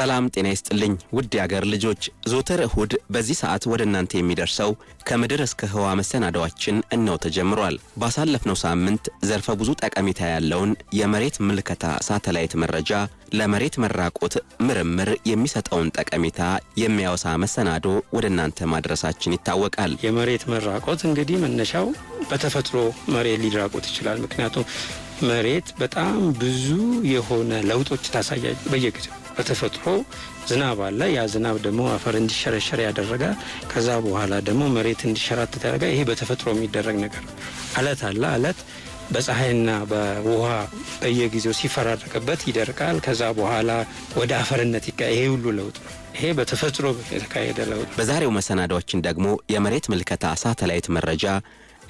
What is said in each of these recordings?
ሰላም ጤና ይስጥልኝ ውድ የአገር ልጆች፣ ዞተር እሁድ በዚህ ሰዓት ወደ እናንተ የሚደርሰው ከምድር እስከ ህዋ መሰናዳዋችን እነው ተጀምሯል። ባሳለፍነው ሳምንት ዘርፈ ብዙ ጠቀሜታ ያለውን የመሬት ምልከታ ሳተላይት መረጃ ለመሬት መራቆት ምርምር የሚሰጠውን ጠቀሜታ የሚያወሳ መሰናዶ ወደ እናንተ ማድረሳችን ይታወቃል። የመሬት መራቆት እንግዲህ መነሻው በተፈጥሮ መሬት ሊራቆት ይችላል። ምክንያቱም መሬት በጣም ብዙ የሆነ ለውጦች ታሳያ በየጊዜው በተፈጥሮ ዝናብ አለ። ያ ዝናብ ደግሞ አፈር እንዲሸረሸር ያደረገ፣ ከዛ በኋላ ደግሞ መሬት እንዲሸራት ያደርጋል። ይሄ በተፈጥሮ የሚደረግ ነገር። አለት አለ። አለት በፀሐይና በውሃ በየጊዜው ሲፈራረቅበት ይደርቃል። ከዛ በኋላ ወደ አፈርነት ይቀ ይሄ ሁሉ ለውጥ ነው። ይሄ በተፈጥሮ የተካሄደ ለውጥ። በዛሬው መሰናዳዎችን ደግሞ የመሬት ምልከታ ሳተላይት መረጃ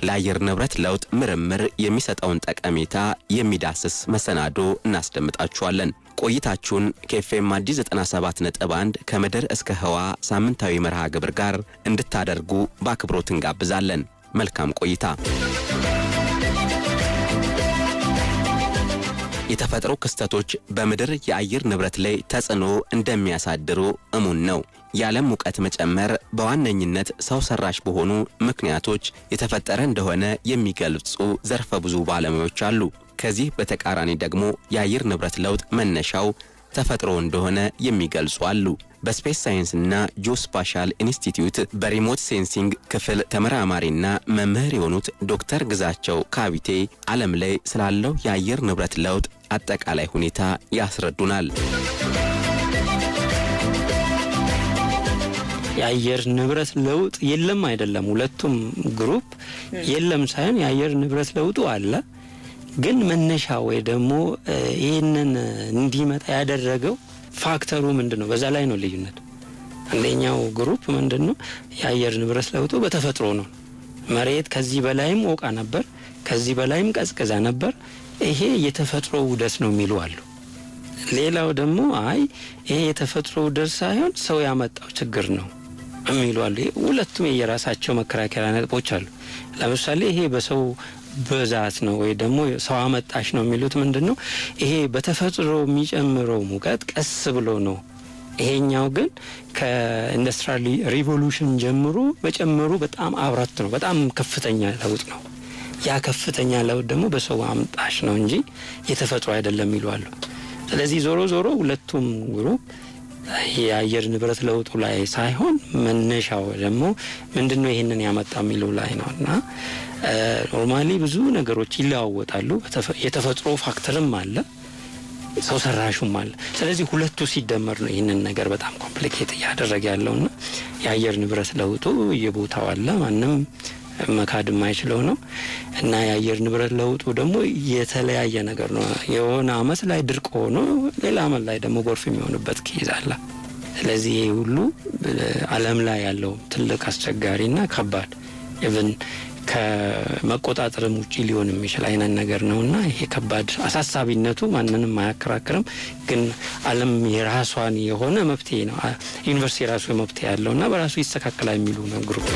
ለአየር ንብረት ለውጥ ምርምር የሚሰጠውን ጠቀሜታ የሚዳስስ መሰናዶ እናስደምጣችኋለን። ቆይታችሁን ከኤፍኤም አዲስ 97 ነጥብ 1 ከምድር እስከ ህዋ ሳምንታዊ መርሃ ግብር ጋር እንድታደርጉ በአክብሮት እንጋብዛለን። መልካም ቆይታ። የተፈጥሮ ክስተቶች በምድር የአየር ንብረት ላይ ተጽዕኖ እንደሚያሳድሩ እሙን ነው። የዓለም ሙቀት መጨመር በዋነኝነት ሰው ሰራሽ በሆኑ ምክንያቶች የተፈጠረ እንደሆነ የሚገልጹ ዘርፈ ብዙ ባለሙያዎች አሉ። ከዚህ በተቃራኒ ደግሞ የአየር ንብረት ለውጥ መነሻው ተፈጥሮ እንደሆነ የሚገልጹ አሉ። በስፔስ ሳይንስ እና ጂኦስፓሻል ኢንስቲትዩት በሪሞት ሴንሲንግ ክፍል ተመራማሪና መምህር የሆኑት ዶክተር ግዛቸው ካቢቴ ዓለም ላይ ስላለው የአየር ንብረት ለውጥ አጠቃላይ ሁኔታ ያስረዱናል። የአየር ንብረት ለውጥ የለም አይደለም፣ ሁለቱም ግሩፕ የለም ሳይሆን የአየር ንብረት ለውጡ አለ ግን መነሻ ወይ ደግሞ ይህንን እንዲመጣ ያደረገው ፋክተሩ ምንድን ነው? በዛ ላይ ነው ልዩነቱ። አንደኛው ግሩፕ ምንድን ነው የአየር ንብረት ለውጡ በተፈጥሮ ነው። መሬት ከዚህ በላይም ወቃ ነበር፣ ከዚህ በላይም ቀዝቅዛ ነበር። ይሄ የተፈጥሮ ውደት ነው የሚሉ አሉ። ሌላው ደግሞ አይ ይሄ የተፈጥሮ ውደት ሳይሆን ሰው ያመጣው ችግር ነው የሚሉ አሉ። ሁለቱም የየራሳቸው መከራከሪያ ነጥቦች አሉ። ለምሳሌ ይሄ በሰው ብዛት ነው ወይ ደግሞ ሰው አመጣሽ ነው የሚሉት ምንድን ነው ይሄ በተፈጥሮ የሚጨምረው ሙቀት ቀስ ብሎ ነው። ይሄኛው ግን ከኢንዱስትሪያል ሪቮሉሽን ጀምሮ መጨመሩ በጣም አብራት ነው። በጣም ከፍተኛ ለውጥ ነው። ያ ከፍተኛ ለውጥ ደግሞ በሰው አምጣሽ ነው እንጂ የተፈጥሮ አይደለም ይሏሉ። ስለዚህ ዞሮ ዞሮ ሁለቱም ግሩፕ የአየር ንብረት ለውጡ ላይ ሳይሆን መነሻው ደግሞ ምንድን ነው ይህንን ያመጣ የሚለው ላይ ነው እና ኖርማሊ ብዙ ነገሮች ይለዋወጣሉ። የተፈጥሮ ፋክተርም አለ፣ ሰው ሰራሹም አለ። ስለዚህ ሁለቱ ሲደመር ነው ይህንን ነገር በጣም ኮምፕሊኬት እያደረገ ያለውና የአየር ንብረት ለውጡ እየቦታው አለ ማንም መካድ የማይችለው ነው እና የአየር ንብረት ለውጡ ደግሞ የተለያየ ነገር ነው። የሆነ አመት ላይ ድርቅ ሆኖ ሌላ አመት ላይ ደግሞ ጎርፍ የሚሆንበት ኬዝ አለ። ስለዚህ ይህ ሁሉ ዓለም ላይ ያለው ትልቅ አስቸጋሪና ከባድ ኢቭን ከመቆጣጠርም ውጭ ሊሆን የሚችል አይነት ነገር ነው እና ይሄ ከባድ አሳሳቢነቱ ማንንም አያከራክርም። ግን ዓለም የራሷን የሆነ መፍትሄ ነው ዩኒቨርስቲ የራሱ መፍትሄ ያለው እና በራሱ ይስተካከላል የሚሉ ነው ግሩፕ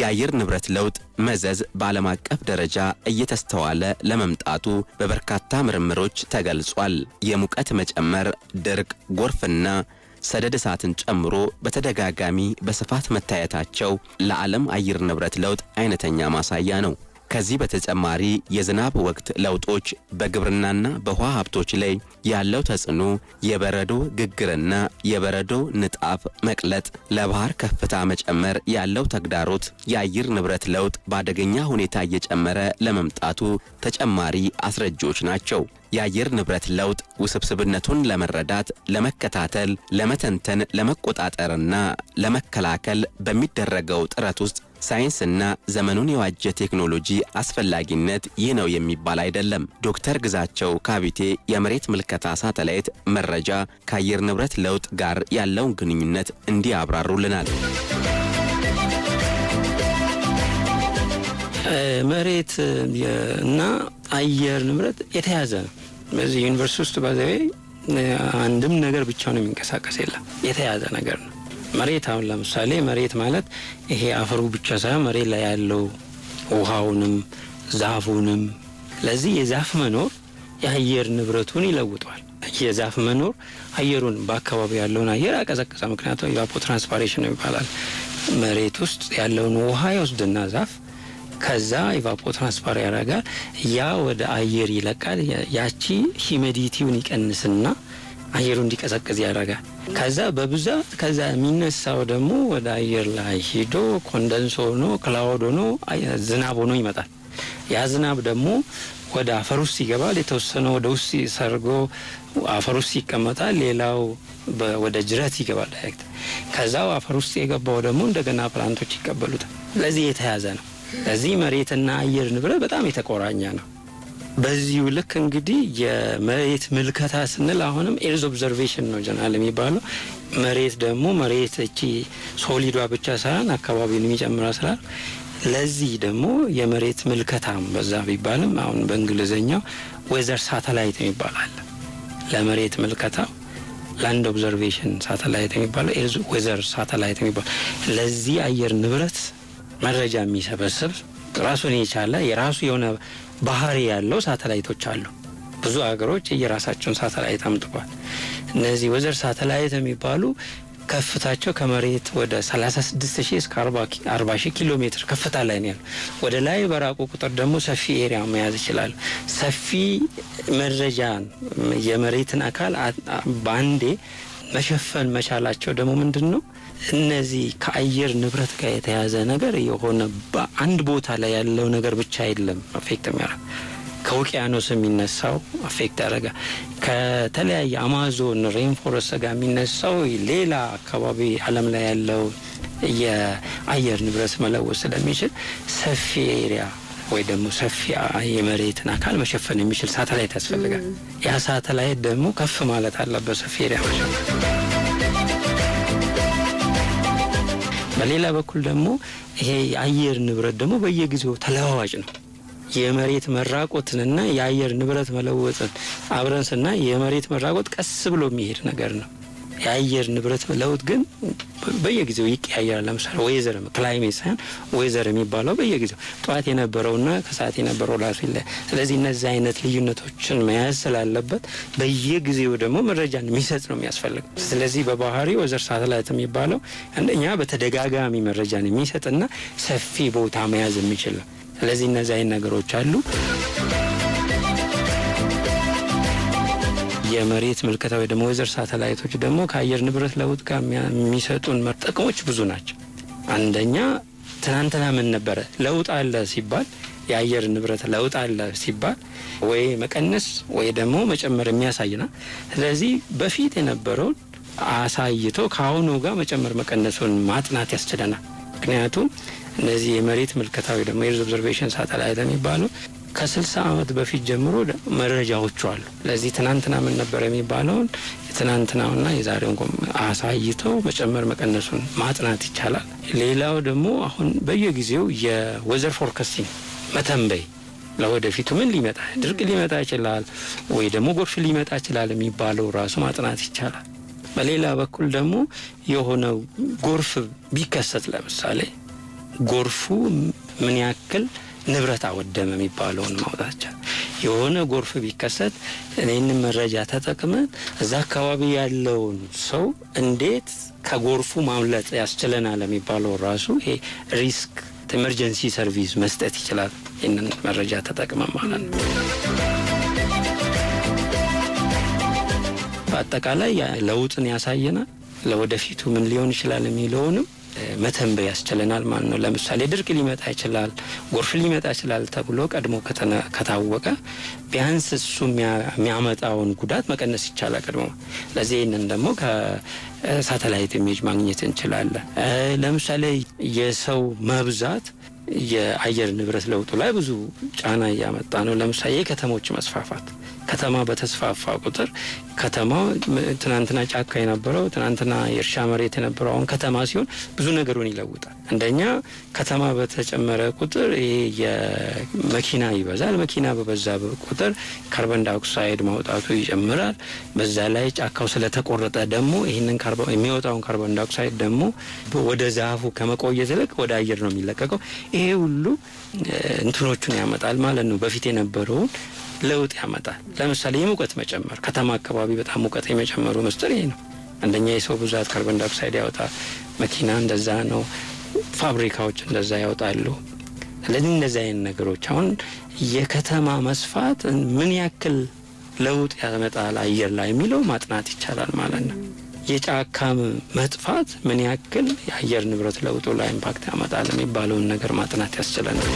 የአየር ንብረት ለውጥ መዘዝ በዓለም አቀፍ ደረጃ እየተስተዋለ ለመምጣቱ በበርካታ ምርምሮች ተገልጿል። የሙቀት መጨመር፣ ድርቅ፣ ጎርፍና ሰደድ እሳትን ጨምሮ በተደጋጋሚ በስፋት መታየታቸው ለዓለም አየር ንብረት ለውጥ አይነተኛ ማሳያ ነው። ከዚህ በተጨማሪ የዝናብ ወቅት ለውጦች በግብርናና በውሃ ሀብቶች ላይ ያለው ተጽዕኖ፣ የበረዶ ግግርና የበረዶ ንጣፍ መቅለጥ፣ ለባህር ከፍታ መጨመር ያለው ተግዳሮት፣ የአየር ንብረት ለውጥ በአደገኛ ሁኔታ እየጨመረ ለመምጣቱ ተጨማሪ አስረጂዎች ናቸው። የአየር ንብረት ለውጥ ውስብስብነቱን ለመረዳት፣ ለመከታተል፣ ለመተንተን፣ ለመቆጣጠርና ለመከላከል በሚደረገው ጥረት ውስጥ ሳይንስና ዘመኑን የዋጀ ቴክኖሎጂ አስፈላጊነት ይህ ነው የሚባል አይደለም። ዶክተር ግዛቸው ካቢቴ የመሬት ምልከታ ሳተላይት መረጃ ከአየር ንብረት ለውጥ ጋር ያለውን ግንኙነት እንዲህ አብራሩልናል። መሬት እና አየር ንብረት የተያዘ ነው። በዚህ ዩኒቨርስቲ ውስጥ ባዘቤ አንድም ነገር ብቻ ነው የሚንቀሳቀስ የለም። የተያዘ ነገር ነው። መሬት አሁን ለምሳሌ መሬት ማለት ይሄ አፈሩ ብቻ ሳይሆን መሬት ላይ ያለው ውሃውንም ዛፉንም ለዚህ የዛፍ መኖር የአየር ንብረቱን ይለውጠዋል። የዛፍ መኖር አየሩን በአካባቢ ያለውን አየር አቀዘቀዘ። ምክንያቱም የቫፖ ትራንስፓሬሽን ነው ይባላል። መሬት ውስጥ ያለውን ውሃ ይወስድና ዛፍ ከዛ ኢቫፖ ትራንስፓር ያደርጋል። ያ ወደ አየር ይለቃል። ያቺ ሂሜዲቲውን ይቀንስና አየሩ እንዲቀዘቅዝ ያደርጋል። ከዛ በብዛት ከዛ የሚነሳው ደግሞ ወደ አየር ላይ ሂዶ ኮንደንስ ሆኖ ክላውድ ሆኖ ዝናብ ሆኖ ይመጣል። ያ ዝናብ ደግሞ ወደ አፈር ውስጥ ይገባል። የተወሰነ ወደ ውስጥ ሰርጎ አፈር ውስጥ ይቀመጣል። ሌላው ወደ ጅረት ይገባል። ዳይሬክት ከዛው አፈር ውስጥ የገባው ደግሞ እንደገና ፕላንቶች ይቀበሉታል። ለዚህ የተያዘ ነው። ለዚህ መሬትና አየር ንብረት በጣም የተቆራኘ ነው። በዚሁ ልክ እንግዲህ የመሬት ምልከታ ስንል አሁንም ኤርዝ ኦብዘርቬሽን ነው ጀናል የሚባለው። መሬት ደግሞ መሬት እቺ ሶሊዷ ብቻ ሳይሆን አካባቢውን የሚጨምራ ስራ ለዚህ ደግሞ የመሬት ምልከታም በዛ ቢባልም አሁን በእንግሊዝኛው ወዘር ሳተላይት የሚባላል ለመሬት ምልከታ ላንድ ኦብዘርቬሽን ሳተላይት የሚባለው ወዘር ሳተላይት የሚባለው ለዚህ አየር ንብረት መረጃ የሚሰበስብ ራሱን የቻለ የራሱ የሆነ ባህሪ ያለው ሳተላይቶች አሉ። ብዙ ሀገሮች የራሳቸውን ሳተላይት አምጥቋል። እነዚህ ወዘር ሳተላይት የሚባሉ ከፍታቸው ከመሬት ወደ 36 ሺህ እስከ 40 ሺህ ኪሎ ሜትር ከፍታ ላይ ነው ያለው። ወደ ላይ በራቁ ቁጥር ደግሞ ሰፊ ኤሪያ መያዝ ይችላሉ። ሰፊ መረጃን የመሬትን አካል በአንዴ መሸፈን መቻላቸው ደግሞ ምንድን ነው እነዚህ ከአየር ንብረት ጋር የተያዘ ነገር የሆነ በአንድ ቦታ ላይ ያለው ነገር ብቻ አይደለም አፌክት የሚያደርግ ከውቅያኖስ የሚነሳው አፌክት ያደረጋ ከተለያየ አማዞን ሬንፎረስ ጋር የሚነሳው ሌላ አካባቢ አለም ላይ ያለው የአየር ንብረት መለወስ ስለሚችል ሰፊ ኤሪያ ወይ ደግሞ ሰፊ የመሬትን አካል መሸፈን የሚችል ሳተላይት ያስፈልጋል። ያ ሳተላይት ደግሞ ከፍ ማለት አለበት ሰፊ ኤሪያ መሸፈን በሌላ በኩል ደግሞ ይሄ የአየር ንብረት ደግሞ በየጊዜው ተለዋዋጭ ነው። የመሬት መራቆትንና የአየር ንብረት መለወጥን አብረን ስና የመሬት መራቆት ቀስ ብሎ የሚሄድ ነገር ነው። የአየር ንብረት ለውጥ ግን በየጊዜው ይቀያየራል። ለምሳሌ ወይዘር ክላይሜት ሳይሆን ወይዘር የሚባለው በየጊዜው ጠዋት የነበረውና ከሰዓት የነበረው ራሱ ይለ ስለዚህ እነዚህ አይነት ልዩነቶችን መያዝ ስላለበት በየጊዜው ደግሞ መረጃን የሚሰጥ ነው የሚያስፈልግ። ስለዚህ በባህሪ ወዘር ሳተላይት የሚባለው አንደኛ በተደጋጋሚ መረጃን የሚሰጥና ሰፊ ቦታ መያዝ የሚችል ነው። ስለዚህ እነዚህ አይነት ነገሮች አሉ። የመሬት ምልከታ ወይ ደግሞ ወይዘር ሳተላይቶች ደግሞ ከአየር ንብረት ለውጥ ጋር የሚሰጡን ጥቅሞች ብዙ ናቸው። አንደኛ ትናንትና ምን ነበረ ለውጥ አለ ሲባል የአየር ንብረት ለውጥ አለ ሲባል ወይ መቀነስ ወይ ደግሞ መጨመር የሚያሳይ ና ስለዚህ በፊት የነበረውን አሳይቶ ከአሁኑ ጋር መጨመር መቀነሱን ማጥናት ያስችለናል። ምክንያቱም እነዚህ የመሬት ምልከታ ደግሞ ደግሞ ኦብዘርቬሽን ሳተላይት የሚባሉ ከ60 ዓመት በፊት ጀምሮ መረጃዎቹ አሉ። ለዚህ ትናንትና ምን ነበር የሚባለውን የትናንትናውና የዛሬውን አሳይተው መጨመር መቀነሱን ማጥናት ይቻላል። ሌላው ደግሞ አሁን በየጊዜው የወዘር ፎርካስቲንግ መተንበይ ለወደፊቱ ምን ሊመጣ ድርቅ ሊመጣ ይችላል ወይ ደግሞ ጎርፍ ሊመጣ ይችላል የሚባለው ራሱ ማጥናት ይቻላል። በሌላ በኩል ደግሞ የሆነ ጎርፍ ቢከሰት ለምሳሌ ጎርፉ ምን ያክል ንብረት አወደመ የሚባለውን ማውጣት ይቻላል። የሆነ ጎርፍ ቢከሰት እኔን መረጃ ተጠቅመን እዛ አካባቢ ያለውን ሰው እንዴት ከጎርፉ ማምለጥ ያስችለናል የሚባለው ራሱ ይሄ ሪስክ ኤመርጀንሲ ሰርቪስ መስጠት ይችላል። ይህንን መረጃ ተጠቅመን ማለት ነው። በአጠቃላይ ለውጥን ያሳየናል። ለወደፊቱ ምን ሊሆን ይችላል የሚለውንም መተንበይ ያስችለናል ማለት ነው። ለምሳሌ ድርቅ ሊመጣ ይችላል፣ ጎርፍ ሊመጣ ይችላል ተብሎ ቀድሞ ከታወቀ ቢያንስ እሱ የሚያመጣውን ጉዳት መቀነስ ይቻላል ቀድሞ። ለዚህ ይህንን ደግሞ ከሳተላይት ኢሜጅ ማግኘት እንችላለን። ለምሳሌ የሰው መብዛት የአየር ንብረት ለውጡ ላይ ብዙ ጫና እያመጣ ነው። ለምሳሌ የከተሞች መስፋፋት ከተማ በተስፋፋ ቁጥር ከተማ ትናንትና ጫካ የነበረው ትናንትና የእርሻ መሬት የነበረው አሁን ከተማ ሲሆን ብዙ ነገሩን ይለውጣል። አንደኛ ከተማ በተጨመረ ቁጥር ይሄ የመኪና ይበዛል። መኪና በበዛ ቁጥር ካርበን ዳይኦክሳይድ ማውጣቱ ይጨምራል። በዛ ላይ ጫካው ስለተቆረጠ ደግሞ ይህንን የሚወጣውን ካርበን ዳይኦክሳይድ ደግሞ ወደ ዛፉ ከመቆየት ይልቅ ወደ አየር ነው የሚለቀቀው። ይሄ ሁሉ እንትኖቹን ያመጣል ማለት ነው። በፊት የነበረውን ለውጥ ያመጣል። ለምሳሌ የሙቀት መጨመር፣ ከተማ አካባቢ በጣም ሙቀት የመጨመሩ ምስጢር ይሄ ነው። አንደኛ የሰው ብዛት ካርቦን ዳይኦክሳይድ ያወጣል። መኪና እንደዛ ነው። ፋብሪካዎች እንደዛ ያወጣሉ። ስለዚህ እንደዚህ አይነት ነገሮች አሁን የከተማ መስፋት ምን ያክል ለውጥ ያመጣል አየር ላይ የሚለው ማጥናት ይቻላል ማለት ነው። የጫካም መጥፋት ምን ያክል የአየር ንብረት ለውጡ ላይ ኢምፓክት ያመጣል የሚባለውን ነገር ማጥናት ያስችለናል።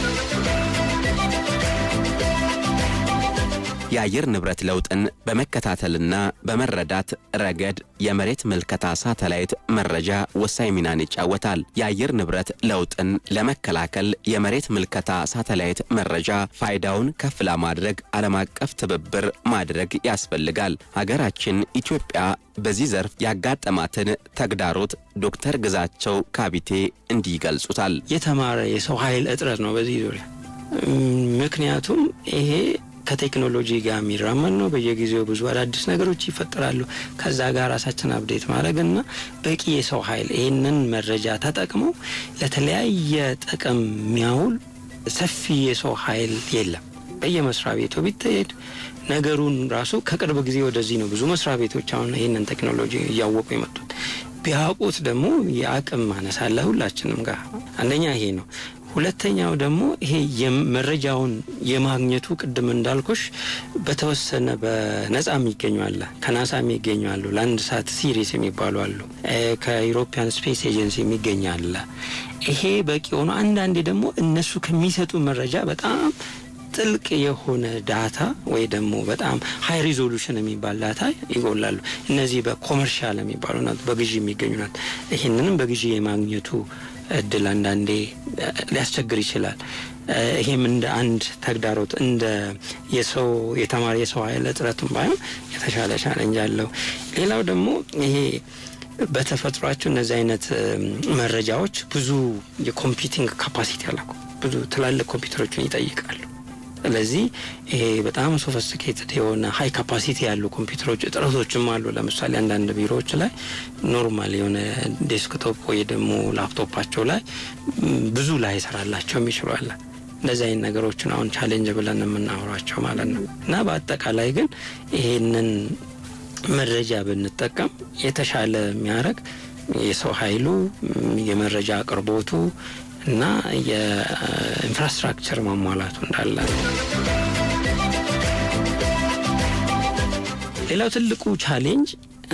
የአየር ንብረት ለውጥን በመከታተልና በመረዳት ረገድ የመሬት ምልከታ ሳተላይት መረጃ ወሳኝ ሚናን ይጫወታል። የአየር ንብረት ለውጥን ለመከላከል የመሬት ምልከታ ሳተላይት መረጃ ፋይዳውን ከፍ ለማድረግ ዓለም አቀፍ ትብብር ማድረግ ያስፈልጋል። ሀገራችን ኢትዮጵያ በዚህ ዘርፍ ያጋጠማትን ተግዳሮት ዶክተር ግዛቸው ካቢቴ እንዲህ ይገልጹታል። የተማረ የሰው ኃይል እጥረት ነው በዚህ ዙሪያ ምክንያቱም ይሄ ከቴክኖሎጂ ጋር የሚራመድ ነው። በየጊዜው ብዙ አዳዲስ ነገሮች ይፈጠራሉ። ከዛ ጋር ራሳችን አብዴት ማድረግ እና በቂ የሰው ኃይል ይህንን መረጃ ተጠቅመው ለተለያየ ጥቅም የሚያውል ሰፊ የሰው ኃይል የለም። በየመስሪያ ቤቱ ቢታሄድ ነገሩን ራሱ ከቅርብ ጊዜ ወደዚህ ነው ብዙ መስሪያ ቤቶች አሁን ይህንን ቴክኖሎጂ እያወቁ የመጡት ቢያውቁት ደግሞ የአቅም ማነስ አለ ሁላችንም ጋር። አንደኛ ይሄ ነው። ሁለተኛው ደግሞ ይሄ መረጃውን የማግኘቱ ቅድም እንዳልኩሽ በተወሰነ በነጻ የሚገኙ አለ፣ ከናሳ የሚገኙ አሉ፣ ለአንድ ሰዓት ሲሪስ የሚባሉ አሉ፣ ከኢሮፒያን ስፔስ ኤጀንሲ የሚገኝ አለ። ይሄ በቂ ሆኖ አንዳንዴ ደግሞ እነሱ ከሚሰጡ መረጃ በጣም ጥልቅ የሆነ ዳታ ወይ ደግሞ በጣም ሀይ ሪዞሉሽን የሚባል ዳታ ይጎላሉ። እነዚህ በኮመርሻል የሚባሉ ናት፣ በግዢ የሚገኙ ናት። ይህንንም በግዢ የማግኘቱ እድል አንዳንዴ ሊያስቸግር ይችላል። ይህም እንደ አንድ ተግዳሮት እንደ የሰው የተማሪ የሰው ኃይል እጥረቱን ባይሆን የተሻለ ቻለንጅ አለው። ሌላው ደግሞ ይሄ በተፈጥሯቸው እነዚህ አይነት መረጃዎች ብዙ የኮምፒውቲንግ ካፓሲቲ አላቸው። ብዙ ትላልቅ ኮምፒውተሮችን ይጠይቃል። ስለዚህ ይሄ በጣም ሶፈስቲኬትድ የሆነ ሀይ ካፓሲቲ ያሉ ኮምፒውተሮች እጥረቶችም አሉ። ለምሳሌ አንዳንድ ቢሮዎች ላይ ኖርማል የሆነ ዴስክቶፕ ወይ ደግሞ ላፕቶፓቸው ላይ ብዙ ላይ ይሰራላቸውም ይችላል። እንደዚህ አይነት ነገሮችን አሁን ቻሌንጅ ብለን የምናወራቸው ማለት ነው እና በአጠቃላይ ግን ይሄንን መረጃ ብንጠቀም የተሻለ የሚያደርግ የሰው ኃይሉ የመረጃ አቅርቦቱ እና የኢንፍራስትራክቸር ማሟላቱ እንዳለ ሌላው ትልቁ ቻሌንጅ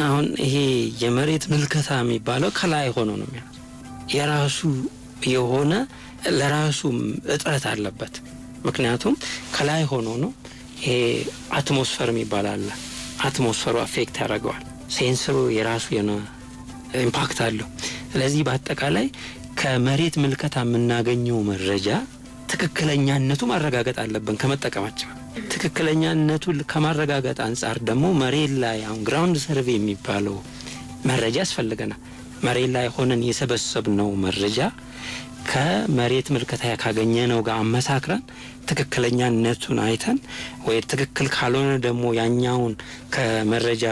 አሁን ይሄ የመሬት ምልከታ የሚባለው ከላይ ሆኖ ነው የሚያ የራሱ የሆነ ለራሱ እጥረት አለበት። ምክንያቱም ከላይ ሆኖ ነው ይሄ አትሞስፈር የሚባል አለ። አትሞስፈሩ አፌክት ያደርገዋል። ሴንስሩ የራሱ የሆነ ኢምፓክት አለው። ስለዚህ በአጠቃላይ ከመሬት ምልከታ የምናገኘው መረጃ ትክክለኛነቱ ማረጋገጥ አለብን። ከመጠቀማቸው ትክክለኛነቱ ከማረጋገጥ አንጻር ደግሞ መሬት ላይ አሁን ግራውንድ ሰርቬ የሚባለው መረጃ ያስፈልገናል። መሬት ላይ ሆነን የሰበሰብነው መረጃ ከመሬት ምልከታ ካገኘነው ጋር አመሳክረን ትክክለኛነቱን አይተን ወይ ትክክል ካልሆነ ደግሞ ያኛውን ከመረጃ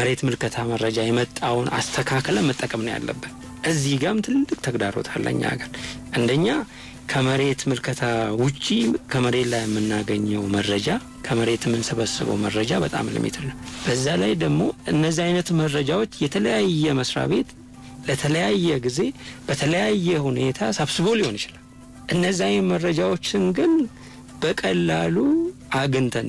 መሬት ምልከታ መረጃ የመጣውን አስተካክለን መጠቀም ነው ያለብን። እዚህ ጋም ትልቅ ተግዳሮት አለ እኛ ሀገር። አንደኛ ከመሬት ምልከታ ውጪ ከመሬት ላይ የምናገኘው መረጃ ከመሬት የምንሰበስበው መረጃ በጣም ሊሚትድ ነው። በዛ ላይ ደግሞ እነዚህ አይነት መረጃዎች የተለያየ መስሪያ ቤት ለተለያየ ጊዜ በተለያየ ሁኔታ ሰብስቦ ሊሆን ይችላል። እነዚህ መረጃዎችን ግን በቀላሉ አግኝተን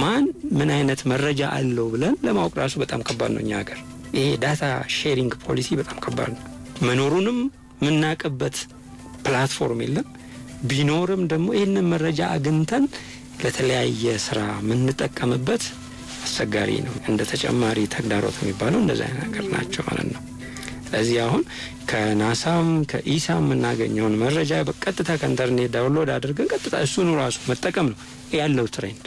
ማን ምን አይነት መረጃ አለው ብለን ለማወቅ ራሱ በጣም ከባድ ነው እኛ ሀገር። ይሄ ዳታ ሼሪንግ ፖሊሲ በጣም ከባድ ነው። መኖሩንም የምናውቅበት ፕላትፎርም የለም። ቢኖርም ደግሞ ይህንን መረጃ አግኝተን ለተለያየ ስራ የምንጠቀምበት አስቸጋሪ ነው። እንደ ተጨማሪ ተግዳሮት የሚባለው እንደዚህ አይነት ነገር ናቸው ማለት ነው። ለዚህ አሁን ከናሳም ከኢሳ የምናገኘውን መረጃ በቀጥታ ከኢንተርኔት ዳውንሎድ አድርገን ቀጥታ እሱኑ ራሱ መጠቀም ነው ያለው ትሬንድ።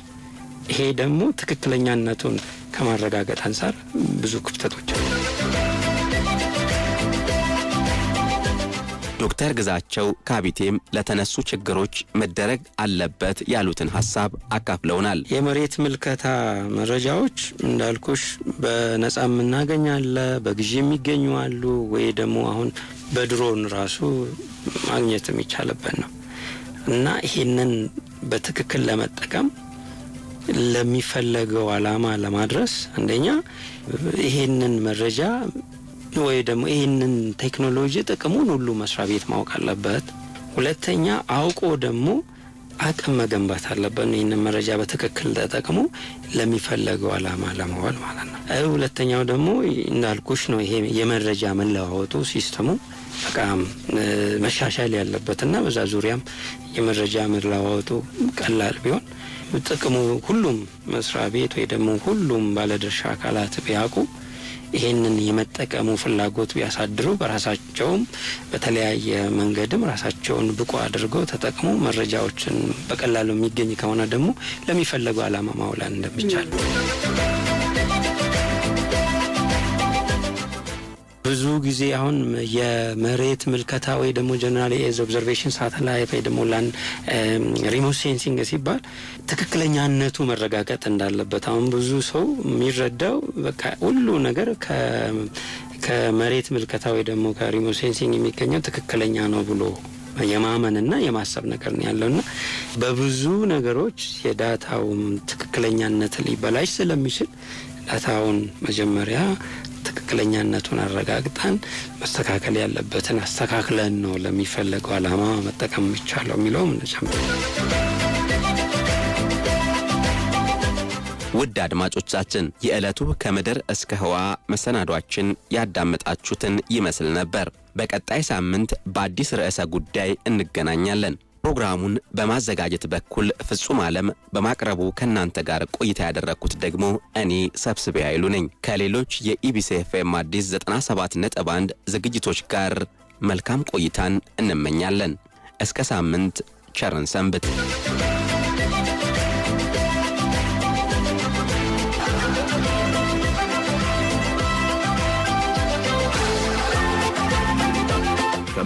ይሄ ደግሞ ትክክለኛነቱን ከማረጋገጥ አንጻር ብዙ ክፍተቶች ዶክተር ግዛቸው ካቢቴም ለተነሱ ችግሮች መደረግ አለበት ያሉትን ሀሳብ አካፍለውናል። የመሬት ምልከታ መረጃዎች እንዳልኩሽ በነጻ የምናገኛለ አለ፣ በግዢ የሚገኙ አሉ፣ ወይ ደግሞ አሁን በድሮን ራሱ ማግኘት የሚቻልበት ነው እና ይህንን በትክክል ለመጠቀም ለሚፈለገው ዓላማ ለማድረስ አንደኛ ይህንን መረጃ ወይ ደግሞ ይህንን ቴክኖሎጂ ጥቅሙን ሁሉ መስሪያ ቤት ማወቅ አለበት። ሁለተኛ አውቆ ደግሞ አቅም መገንባት አለበት። ይህንን መረጃ በትክክል ተጠቅሞ ለሚፈለገው አላማ ለመዋል ማለት ነው። ሁለተኛው ደግሞ እንዳልኩሽ ነው። ይሄ የመረጃ መለዋወጡ ሲስተሙ በጣም መሻሻል ያለበትና በዛ ዙሪያም የመረጃ መለዋወጡ ቀላል ቢሆን ጥቅሙ ሁሉም መስሪያ ቤት ወይ ደግሞ ሁሉም ባለድርሻ አካላት ቢያውቁ ይህንን የመጠቀሙ ፍላጎት ቢያሳድሩ በራሳቸውም በተለያየ መንገድም ራሳቸውን ብቁ አድርገው ተጠቅሞ መረጃዎችን በቀላሉ የሚገኝ ከሆነ ደግሞ ለሚፈለጉ ዓላማ ማውላን እንደሚቻል ብዙ ጊዜ አሁን የመሬት ምልከታ ወይ ደግሞ ጀነራል ኤዝ ኦብዘርቬሽን ሳተላይት ወይ ደግሞ ላን ሪሞት ሴንሲንግ ሲባል ትክክለኛነቱ መረጋገጥ እንዳለበት አሁን ብዙ ሰው የሚረዳው በቃ ሁሉ ነገር ከመሬት ምልከታ ወይ ደግሞ ከሪሞት ሴንሲንግ የሚገኘው ትክክለኛ ነው ብሎ የማመንና የማሰብ ነገር ነው ያለውና በብዙ ነገሮች የዳታውም ትክክለኛነት ሊበላሽ ስለሚችል ዳታውን መጀመሪያ ትክክለኛነቱን አረጋግጠን መስተካከል ያለበትን አስተካክለን ነው ለሚፈለገው አላማ መጠቀም ይቻለው የሚለውም እንጨም ውድ አድማጮቻችን የዕለቱ ከምድር እስከ ህዋ መሰናዷችን ያዳመጣችሁትን ይመስል ነበር። በቀጣይ ሳምንት በአዲስ ርዕሰ ጉዳይ እንገናኛለን። ፕሮግራሙን በማዘጋጀት በኩል ፍጹም ዓለም በማቅረቡ ከእናንተ ጋር ቆይታ ያደረግኩት ደግሞ እኔ ሰብስቤ አይሉ ነኝ። ከሌሎች የኢቢሲ ኤፍኤም አዲስ 97 ነጥብ 1 ዝግጅቶች ጋር መልካም ቆይታን እንመኛለን። እስከ ሳምንት ቸርን ሰንብት።